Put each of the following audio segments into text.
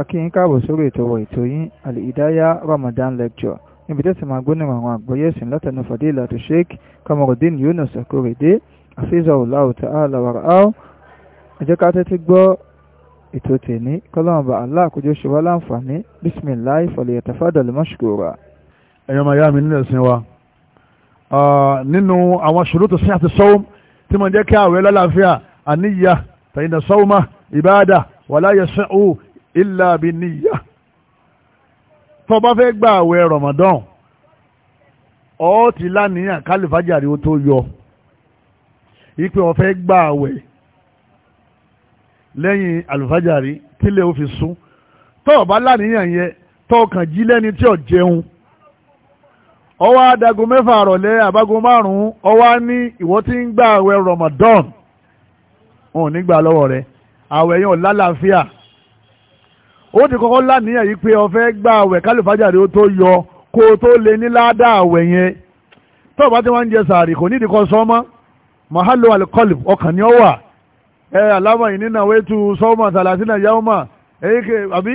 akíyín káàbọ̀ sórí ètò wa ètò yín al Ramadan lecture níbi tẹ́sí máa gbóná àwọn àgbọ́yé ẹ̀sìn látẹnu Fadilatu Sheikh Kamarudin Yunus Akorede Hafizahullahu ta'ala wara'ahu ẹ jẹ́ ká tẹ́tí gbọ́ ètò tèmi kọ́lọ́mọba aláàkójọ ṣe wá láǹfààní bisimilahi falyatafaddal mashkura. ẹ̀yọ́ máa yá mi nílẹ̀ sin wa nínú àwọn ṣòro tó sí àti sọ́wọ́m tí mo jẹ́ kí àwẹ̀ lálàáfíà àníyá tàyínà sọ́wọ́mà illa bi niyya tó bá fẹ́ gba àwẹ̀ Ramadan ó ti láníyàn kálífàjàrí ó tó yọ ipe ó fẹ́ gba àwẹ̀ lẹ́yìn àlùfàjàrí kílẹ̀ ó fi sún tó bá láníyàn yẹn tó kàn jí lẹ́ni tí ò jẹun ọwọ́ adago mẹ́fà àrọ̀lẹ́ àbágo márùn-ún ọwọ́ ní ìwọ tí ń gba àwẹ̀ Ramadan òun nígbà lọ́wọ́ rẹ̀ àwẹ̀ yẹn ò lálàáfíà ó ti kọ́kọ́ láníyàn yìí pé ọ̀fẹ́ gba àwẹ̀ kálífàjàre ó yọ kó o tó lè ní ládàá àwẹ̀ yẹn tó o bá ti wá jẹ sàárì kò nídìí kan mahalo alikọ́lì ọkàn ni ó wà ẹ aláwọ̀ yìí nínú àwọn ètò sọ́mọ́ sàlásínà yáwọ́mà èyíkè àbí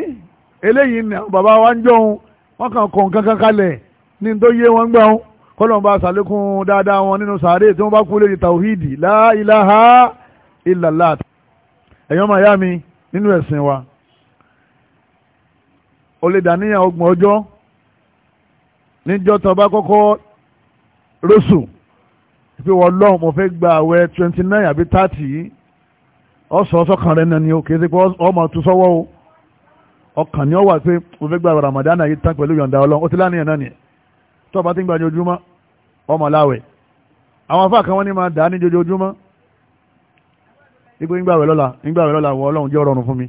eléyìí ni bàbá wa ń jọun kàn nǹkan kan kalẹ̀ ní tó yé wọn gbà wọn kọ́lọ́n bá sàlékún mi nínú ẹ̀sìn o lè dàníyàn ọgbọ̀n ọjọ́ níjọ́ tó bá kọ́kọ́ rọ́ṣù pé wọ́n lọ́hùn mo fẹ́ gba àwẹ̀ twenty nine àbí thirty yìí ọ̀sọ̀ ọ̀sọ̀kan rẹ̀ nani o kì í ṣe pé ọmọ tún sọ́wọ́ o ọkàn ni ó wà pé mo fẹ́ gba Ramadan yìí tán pẹ̀lú yọ̀ǹda Ọlọ́run ó ti láníyàn náà nìyẹn tó o bá ti ń gba ojoojúmọ́ ọmọ láwẹ̀ àwọn afá kan wọ́n ní máa dà á ní ojoojúmọ́ ipò ń gbàwẹ̀ lọ́la ń gbàwẹ̀ lọ́la wọ Ọlọ́run jẹ́ ọ̀rọ̀ fún mi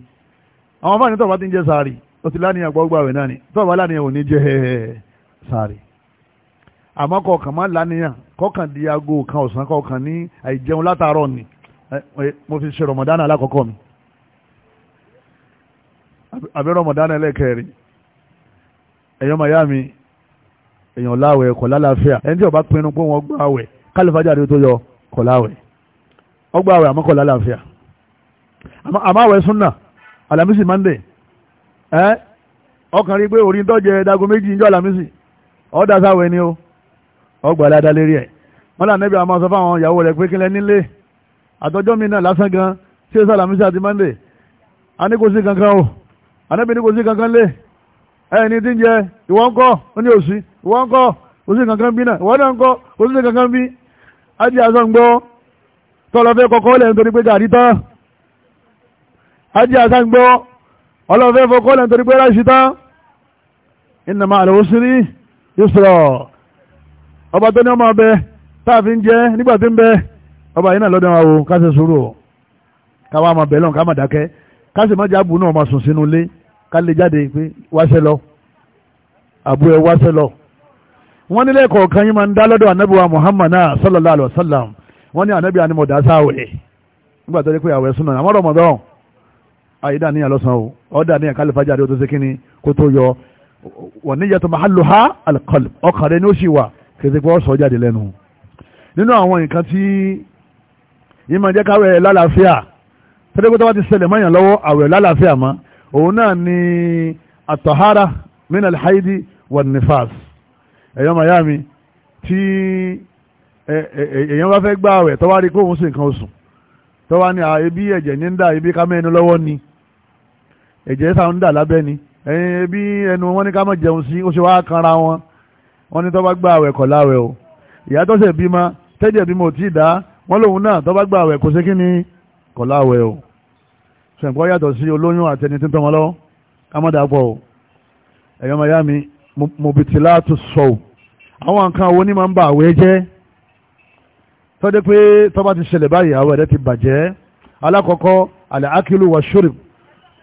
àwọn afá ní tó o bá ti ń jẹ sàárì o ti láníyàn gbọ́gbà rẹ̀ náà ni tó bá láníyàn ò ní jẹ́ sáré àmọ́ kọ̀ọ̀kan má láníyàn kọ̀ọ̀kan di aago kan ọ̀sán kọ̀ọ̀kan ní àìjẹun látàárọ̀ ni mo fi ṣe rọmọdán alákọ̀ọ́kọ́ mi àbí rọmọdán ẹlẹ́kẹ̀ẹ́rin ẹ̀yọ́ màyá mi èèyàn láwẹ̀ kọ̀ lálàáfíà ẹni tí ó bá pinnu pé wọ́n gbà wẹ̀ kálífàjà rí tó yọ kọ̀ láwẹ̀ ọgbà wẹ̀ àmọ́ kọ̀ lálàáfíà àmọ́ àwẹ̀ súnà àlàmísì mande ẹ́ ọkàn rí pé orí ń tọ́jẹ dago méjì ń jọ àlàmísì ọ̀dà sáwẹ̀ ni o ọgbà dáadáa lérí ẹ̀ wọ́n là nẹ́bí àmọ́ sọ fáwọn ìyàwó rẹ̀ pé kílẹ̀ nílé àtọ́jọ́ mi náà lásán gan ṣé sàlàmísì àti mọ́ndé a ní kò sí kankan o ànẹ́bí ní kò sí kankan lé ẹni tí ń jẹ ìwọ ń kọ́ ó ní òsì ìwọ ń kọ́ kò sí kankan bí náà ìwọ náà ń kọ́ kò sí kankan bí á di àṣọ ń gbọ́ tọ́lọ́fẹ́ kọ́kọ́ lẹ́yìn torí pé gàrí tán á àṣọ ń gbọ́ ọlọ́fẹ́ fọkọ́lẹ̀ nítorí pé ráṣí tán inna ma'al usri yusra ọba tó ní ọmọ ọbẹ̀ táàfin jẹ́ nígbà tí ń bẹ ọba yìí náà lọ́dọ̀ wa wo ká ṣe sùúrù káwa máa bẹ̀ lọ́n ká máa dákẹ́ ká sì má jábù náà máa sùn sínú ilé ká lè jáde pé wáṣẹ́ lọ àbú ẹ wáṣẹ́ lọ. wọ́n nílé kọ̀ọ̀kan yín máa ń dá lọ́dọ̀ ànábì wa Muhammad náà sallallahu alaihi wasallam wọ́n ní ànábì ànímọ̀dá sáwẹ̀ nígbà tó dé pé àwẹ̀ àyídà níyàn lọ́sàn o ọ̀dà níyàn kálífàjà rẹ̀ tó ṣe kíni kó tó yọ wọ̀n níyàn tó máa lò ha alqalb ọkàn rẹ̀ ni ó sì wà kèsì pé ó sọ jáde lẹ́nu. nínú àwọn nǹkan tí yìí máa jẹ́ káwẹ̀ lálàáfíà tẹ́lẹ́gbẹ́tọ́ bá ti ṣẹlẹ̀ mọ́yàn lọ́wọ́ àwẹ̀ lálàáfíà mọ́ òun náà ni àtọ̀hárà mina alhaidi wan nifas ẹ̀yọ́ miami tí èèyàn bá fẹ́ gbà àwẹ̀ tọ́wá rí kóhun sí nǹkan oṣù tọ́wá ní àìbí ẹ̀jẹ̀ ní ń dà ibi ká mẹ́nu lọ́wọ́ ni ẹ̀jẹ̀ sáwọn dà lábẹ́ ni ẹ̀yìn bí ẹnu wọn ní ká mọ̀ jẹun sí ó ṣe wá kanra wọn wọn ní tó bá gba àwẹ̀ kọ̀ láwẹ̀ o ìyá tó ṣe bímọ tẹ́jẹ̀ bímọ ò tí ì dá wọn lòun náà tó bá gba àwẹ̀ kò ṣe kí ni kọ̀ láwẹ̀ o ṣẹ̀ǹkọ́ yàtọ̀ sí olóyún àtẹni tí ń tọmọ lọ́wọ́ o ẹ̀yọ́ maya mi mobitila tó sọ àwọn nǹkan wo ni máa ń ba àwẹ̀ jẹ́ tọ́jú pé tó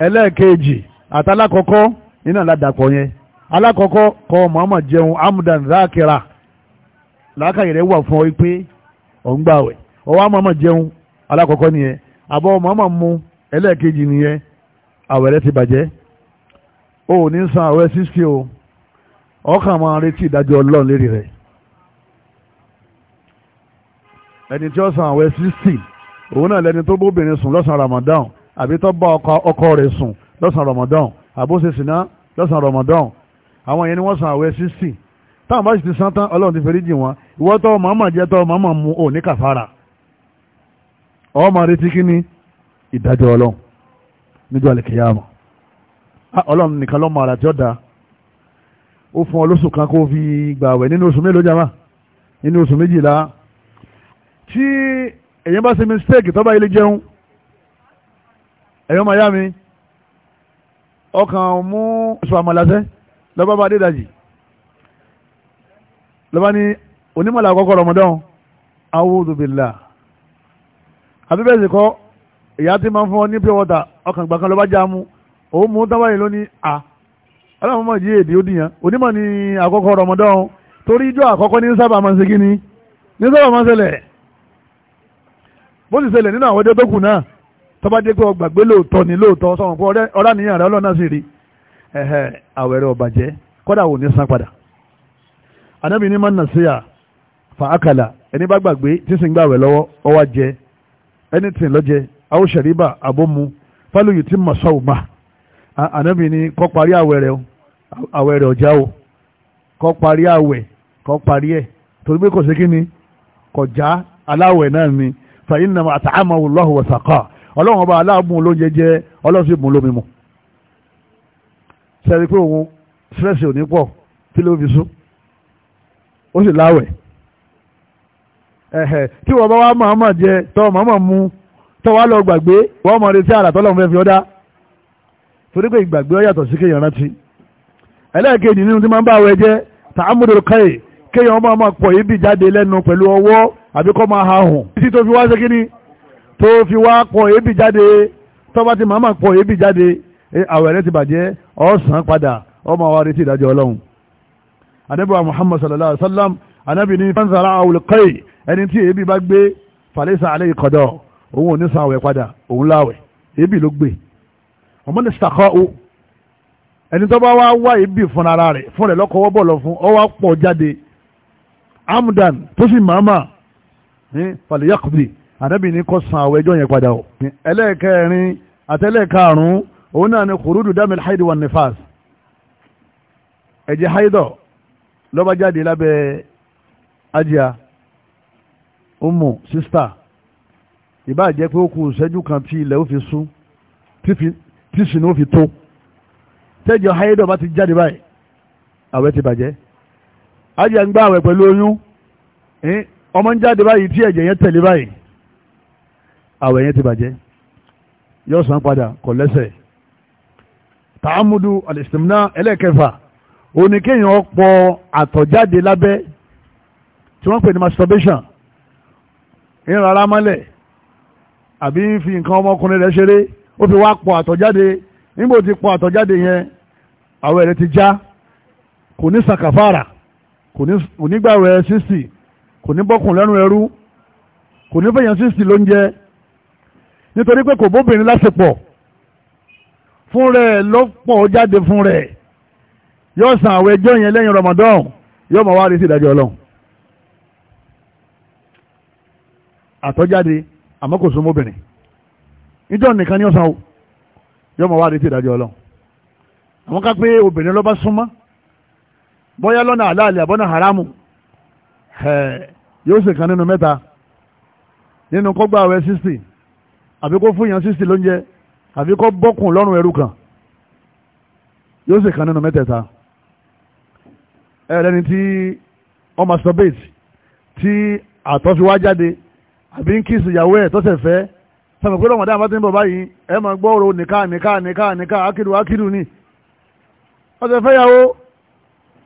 ẹlẹ́ẹ̀kejì àtàlákọ́kọ́ nínú àládàpọ̀ yẹn alákọ̀ọ́kọ́ kọ́ Muhammad jẹun amúdàn zákìrà làákàyè rẹ̀ wà fún ọ pé ọ̀ ń gbàwẹ̀ ọwọ́ Muhammad jẹun alákọ̀ọ́kọ́ nìyẹn àbọ̀ Muhammad mu ẹlẹ́ẹ̀kejì nìyẹn àwẹ̀ rẹ̀ ti bàjẹ́ o ni san àwẹ̀ sísè o ọkàn máa retí ìdájọ́ ọlọ́run lérí rẹ̀ ẹni tí ó san àwẹ̀ sísè òun náà lẹni tó bóbìnrin sùn lọ́sàn àbí tó bá ọkọ rẹ̀ sùn lọ́sàn Ramadan àbóṣe sìnà lọ́sàn Ramadan àwọn yẹn ni wọ́n san àwẹ̀ sísì táwọn bá sì ti san tán ọlọ́run ti fẹ́rí jì wọ́n ìwọ́ tọ́ màmá jẹ́ tọ́ màmá mu ò ní kàfàrà ọmọ retí kí ni ìdájọ́ ọlọ́run níjọ́ àlèkèyàmọ̀ ọlọ́run nìkan lọ́mọ àrà tí ó da ó fún ọ lóṣù kan kó fi gbà wẹ̀ nínú oṣù mélòó jama nínú oṣù méjìlá tí èyàn bá ṣe mistake tó bá ilé jẹun ẹ̀yọ́ màá yá mi ọkàn mú sọ àmàlàsẹ́ lọ́ba bá dédàjì lọ́ba ní onímọ̀lá àkọ́kọ́ rọmọdán awúdùbìlà àbíbẹ̀sì kọ́ ìyá tí máa ń fún ọ ní pure water ọkàn gbàkan lọ́ba já mú òun mú tábàyè lónìí à ọlọ́run mọ̀ jí èdè ó dìyàn onímọ̀ ní àkọ́kọ́ rọmọdán torí ijó àkọ́kọ́ ní sábà máa ń ṣe kí ni ní sábà máa ń ṣẹlẹ̀ bó sì ṣẹlẹ̀ nínú àwọn ọjọ́ tó kù náà tọ́ba dé pé ọgbàgbé lóòótọ́ ni lóòótọ́ sọ̀rọ̀ pé ọ̀rá nìyàn rẹ̀ ọlọ́nà sì rí àwẹ̀rẹ̀ ọ̀bàjẹ́ kọ́dà wò ní san padà. ní máa ń fa àkàlà ẹni bá gbàgbé tí sì ń gbàwẹ̀ lọ́wọ́ ọwá jẹ ẹni tì lọ́jẹ àwọn fálùyù tí mà ní kọ́ o kọ́ parí àwẹ̀ kọ́ parí ẹ̀ ni kọjá aláwẹ̀ náà ni ọlọ́run ọba aláàbùn olóúnjẹ jẹ ọlọ́run sì bùn lómi mu sẹ́ni pé òun stress ò ní pọ̀ kí ló fi sún ó sì láwẹ̀ ẹ̀hẹ̀ tí wọ́n bá wá jẹ tọ́ mu tọ́ wá lọ gbàgbé wọ́n retí àrà tọ́lọ́run fẹ́ fi ọ́ dá torí pé ìgbàgbé ọ yàtọ̀ sí kéèyàn rántí ẹlẹ́ẹ̀kejì nínú tí máa ń bá káyè kéèyàn máa máa pọ̀ yìí bì jáde lẹ́nu pẹ̀lú ọwọ́ àbíkọ́ máa ha títí tó fi wá ṣe kí tó fi wá pọ̀ èébì jáde tó bá ti màmá pọ̀ èébì jáde àwẹ̀ rẹ ti bàjẹ́ ọ̀sán padà ọmọ wa retí ìdájọ́ ọlọ́run anabi wa muhammad sallallahu alaihi sallam anabi ni fanzara awulqai ẹni tí èébì bá gbé falẹ́sà alẹ́ ìkọ̀dọ̀ òun ò ní san àwẹ̀ padà òun láwẹ̀ èébì ló gbé ọmọ ní sàkọ́ o ẹni tó wá wá èébì fún ara rẹ̀ fún rẹ̀ lọ́kọ̀ọ́ bọ̀ lọ fún ọ pọ̀ jáde amdan tó sì máa ní falẹ̀ ànábì ní kó san àwọn ẹjọ́ yẹn padà o. ẹlẹ́ẹ̀kẹrin àtẹlẹ́ẹ̀karùn-ún òun náà ni kùrúdù dámil haid wa nifas ẹ̀jẹ̀ haidọ̀ lọ́ba lábẹ́ ajá umu sista ìbá jẹ́ pé ó kù ìṣẹ́jú kan tí ilẹ̀ ó fi sún tí sì ní ó fi tó tẹ́jọ haidọ̀ bá ti jáde báyìí àwẹ̀ ti bàjẹ́ ajá ń gbá àwẹ̀ pẹ̀lú oyún ọmọ ń jáde báyìí tí ẹ̀jẹ̀ yẹn tẹ̀lé báyìí àwẹ̀ yẹn ti bàjẹ́ yóò san padà kò lẹ́sẹ̀ tààmùdù alìsìmná ẹlẹ́kẹfà òní kéèyàn pọ̀ àtọ̀jáde lábẹ́ tí wọ́n pè ní masturbation ìrìn ara mọ́lẹ̀ àbí fi nǹkan ọmọkùnrin rẹ̀ ṣeré ó fi wá pọ̀ àtọ̀jáde nígbà tí pọ̀ àtọ̀jáde yẹn àwẹ̀ rẹ̀ ti já kò ní sàkàfàrà kò ní gbàwẹ̀ sísì kò ní bọ́kùn lẹ́nu ẹrú kò ní fẹ̀yàn sísì lóúnjẹ nítorí pé kò bóbìnrin lásìpọ̀ fún rẹ̀ lọ́pọ̀ jáde fún rẹ̀ yóò san àwọn ẹjọ́ yẹn lẹ́yìn Ramadan yóò máa wá rí sí ìdájọ́ Ọlọ́run àtọ́jáde àmọ́ kò sún mọ́bìnrin níjọ́ nìkan ni ó san o yóò máa wá rí sí ìdájọ́ Ọlọ́run àwọn ká pé obìnrin ló súnmọ́ bóyá lọ́nà àlàálẹ̀ àbọ́nà haramu yóò ṣèkan nínú mẹ́ta nínú kọ́gbà àwẹ̀ 60 àbí kó fún yàn sísè lóúnjẹ àbí kó bọ́kùn lọ́rùn ẹrú kan yóò sì kan nínú mẹ́tẹ̀ẹ̀ta ẹ̀rẹ́ni tí ó masturbate tí àtọ́fiwá jáde àbí ń kíìsì ìyàwó ẹ̀ tọ́sẹ̀ fẹ́ sọ̀rọ̀ pé lọ́wọ́n dáhùn bá ti ń bọ̀ báyìí ẹ máa gbọ́ ọ̀rọ̀ nìka nìka nìka nìka akíru akíru ni ọ̀sẹ̀ fẹ́ yàwó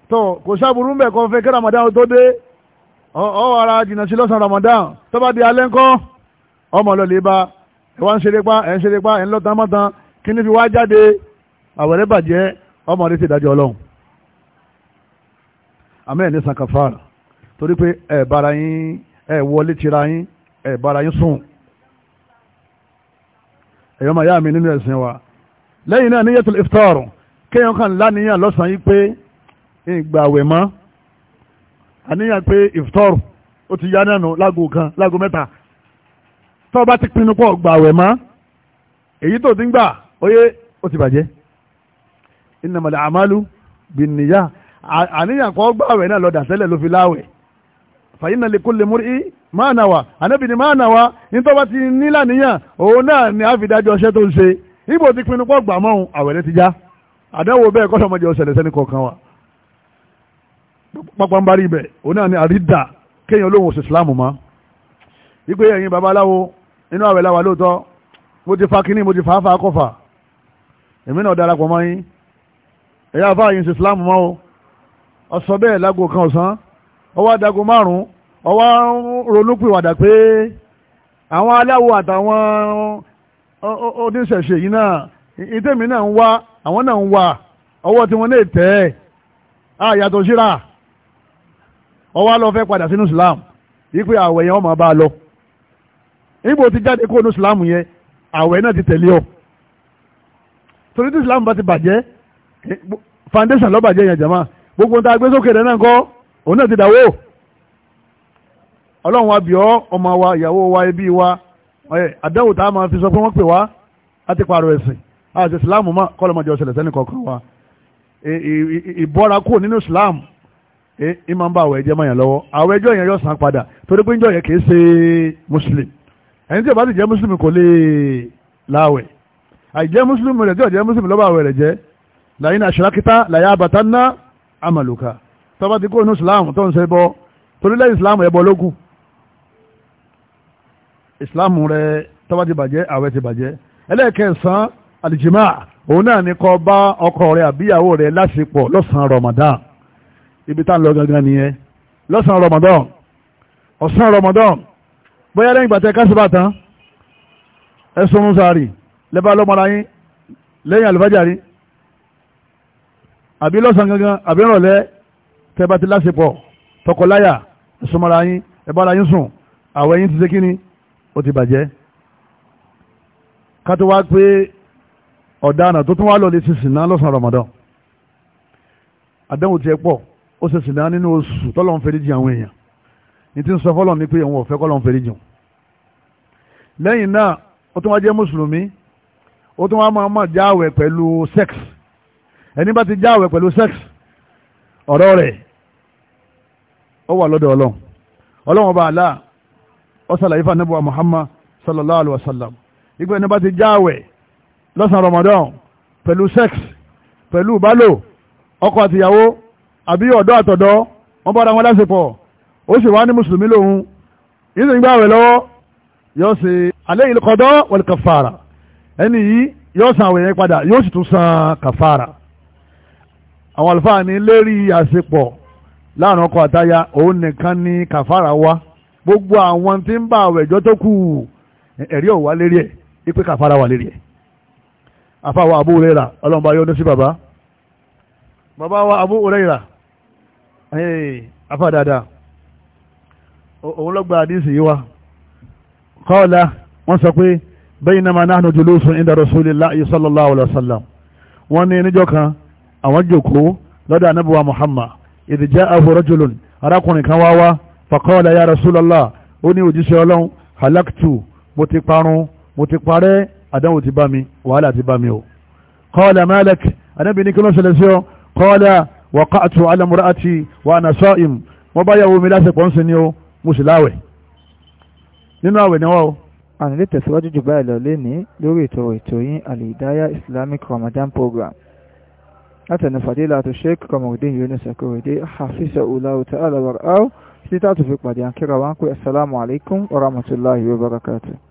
tó kò sábúrú ń bẹ̀ kọ́ fẹ́ kí Ramadan tó dé ọ̀ ara jìnnà sí lọ́sàn Ramadan tó di alẹ́ ńkọ́ ọmọ lọ́lẹ́ bá wọ́n ń ṣeré pa ẹ̀ ń ṣeré pa ẹ̀ ń lọ́tàn mọ́tàn kí ni fi wá jáde àwẹ̀rẹ́ bàjẹ́ ọmọ rẹ̀ ti dájọ́ ọlọ́run amẹ́ẹ̀ ní san kàfàrà torí pé ẹ̀ bára yín ẹ̀ wọlé tira yín ẹ̀ bára yín sùn ẹ̀yọ́ máa yá mi nínú ẹ̀sìn wa lẹ́yìn náà níyẹ̀tò ìfitọ́ọ̀rù kéèyàn kan láníyàn lọ́sàn-án yìí pé ìgbàwẹ̀ mọ́ àníyàn pé ìfitọ́ọ̀rù ó ti yá nánu láago kan láago mẹ́ta tó o bá ti pinnu pọ̀ gbà wẹ̀ mọ́ èyí tó ti ń gbà oyé ó ti bàjẹ́ innamal a'malu binniyah àníyàn kọ́ gbà wẹ̀ náà lọ́dà sẹ́lẹ̀ ló fi láwẹ̀ fàyínà lè kó lè múrí máa nà wá ànábì ni máa nà wá ní tó ti ní lànìyàn òun náà ni a fi dájọ́ ọṣẹ́ tó ń ṣe ibo ti pinnu pọ̀ gbà mọ́hun àwẹ̀rẹ́ ti já àdánwò bẹ́ẹ̀ kọ́ sọmọdé ọṣẹlẹ̀ sẹ́ni kọ̀ọ̀kan wa pápánbárí ibẹ̀ òun náà ni àrídà kéèyàn olóhùn òsì islam mọ́ wípé ẹ̀yin babaláwo inú àwẹ̀ làwà lóòótọ́ mo ti fa kínní mo ti fa afa akọ́fà èmi náà darapọ̀ mọ́ yín ẹ̀yà àfa yìí ń ṣe Islam mọ́ o ọ̀sọ́ bẹ́ẹ̀ lágò kan ọ̀sán ọwọ́ adago márùn-ún ọwọ́ ronúpìwàdà pé àwọn aláwo àtàwọn oníṣẹ̀ṣe yìí náà ìtẹ̀mí náà ń wá àwọn náà ń wà ọwọ́ tí wọ́n lè tẹ̀ ẹ́ àyàtọ̀ síra ọwọ́ á lọ fẹ́ padà sínú Islam yí pé àwẹ̀ yẹn wọ́n máa bá a lọ níbo ti jáde kó o ní islam yẹn àwẹ̀ náà ti tẹ̀lé ọ torí tí islam bá ti bàjẹ́ foundation ló bàjẹ́ yẹn jama gbogbo nta gbé sókè rẹ náà kọ́ òun náà ti dàwó ọlọ́run wa bìọ́ ọmọ wa ìyàwó wa ẹbí wa àdáwò tá a máa fi sọ pé wọ́n pè wá láti pààrọ̀ ẹ̀sìn àti islam mọ́ kọ́ lọ́mọdé ọ̀sẹ̀lẹ̀ sẹ́ni kọ̀ọ̀kan wa ìbọ́ra kúrò nínú islam ìmọ̀ ń bá àwọ̀ ẹ̀jẹ̀ yẹn lọ́wọ́ àwọ̀ ẹjọ́ yẹn yọ san padà torí pé ń yẹn kì í ṣe muslim ẹni tí ó bá ti jẹ́ mùsùlùmí kò lè láwẹ̀ àìjẹ́ mùsùlùmí rẹ̀ tí ó jẹ́ mùsùlùmí lọ́ba àwẹ̀ rẹ̀ jẹ́ làyín àṣàkítà làyà àbàtà ná àmàlùkà tọ́ba ti kó inú islam tó ń ṣe bọ́ torí lẹ́yìn islam ẹ̀bọ lókù islam rẹ̀ tọ́ba ti bàjẹ́ àwẹ̀ ti bàjẹ́ ẹlẹ́ẹ̀kẹsàn àlìjìmá òun náà ni kó bá ọkọ rẹ̀ àbíyàwó rẹ̀ láṣepọ̀ lọ́sàn-án ramadan ibi tá à ń lọ gangan nìyẹn lọ́sàn-án ramadan ọ̀sán ramadan bóyá lẹ́yìn ìgbà tẹ kásìbà tán ẹ̀sùn sàárì lẹ́bàá lọ́mọra yín lẹ́yìn àlùfájàrí àbí lọ́sàn gangan àbí rọ̀lẹ́ tẹ́bà ti lásìpọ̀ tọkọláyà ẹ̀sùnmọ́ra yín ẹ̀bára yín sùn àwẹ̀ yín ti ṣe kíni ó ti bàjẹ́ kátó wá pé ọ̀daràn tó tún wá lọ lè ṣe sìnà lọ́sàn Ramadan àdéhùn tiẹ̀ pọ̀ ó ṣe sìnà nínú oṣù tọ́lọ́run fẹ́ẹ́ ní ń sọ fọlọ́n ni pé òun ò fẹ́ kọ́lọ́n fèrè jù lẹ́yìn náà ó tún wá jẹ́ mùsùlùmí ó tún wá máa máa jáwẹ̀ pẹ̀lú sex ẹni bá ti jáwẹ̀ pẹ̀lú sex ọ̀rọ̀ rẹ̀ ó wà lọ́dọ̀ ọlọ́run ọlọ́run ọba àlá ọ̀sàlàyé fànẹ́bùwà Muhammad sallallahu alayhi wa sallam ìgbẹ́ ẹni bá ti jáwẹ̀ lọ́sàn Ramadan pẹ̀lú sex pẹ̀lú balo. ọkọ àtìyàwó àbí ọ̀dọ́ àtọ̀dọ́ wọ́n bára wọn lásìpọ̀ ó sì wá ní mùsùlùmí lòun yìí sì ń gbààwẹ̀ lọ́wọ́ yóò ṣe alẹ́ kọ́dọ́ wal kàfàrà ẹni yìí yóò san àwẹ̀ padà yóò sì tún san kàfàrà àwọn àlùfáà ní lérí àṣepọ̀ láàrin òun ní kàfàrà wá gbogbo àwọn tí ń bá àwẹ̀jọ́ tó kù ẹ̀rí ò wá lérí ẹ̀ ipe kàfàrà wà Abu ọlọ́mọba yóò ní sí wa òun lọ́gba àdísì yìí wa kọ́ọ̀lá wọ́n sọ pé baynama nahnu julusun inda rasulillahi sallallahu alaihi wasallam wọ́n ní níjọ́ kan àwọn jòkó lọ́dọ̀ anábùwà muhammad idh ja'ahu rajulun arákùnrin kan wá wá faqala ya rasulallah ó ní òjíṣẹ́ ọlọ́run halaktu mo ti parun mo ti parẹ́ àdánwò ti bá mi wàhálà ti bá mi o qala malak anábì ní kí ló ń mo sì láwẹ̀ nínú àwẹ̀ ni wọ́n o. àní lè tẹ̀síwájú jù báyìí lọ lénìí lórí ètò ètò yín alìdáyà islamic ramadan program látẹnu fàdílà àti sheikh kọmọdé yunus akorede hafiza ulaw ta'ala wa títí tá a tún fi pàdé àkírà wa ń pè asalaamualeykum wa rahmatulahi wa barakatuh.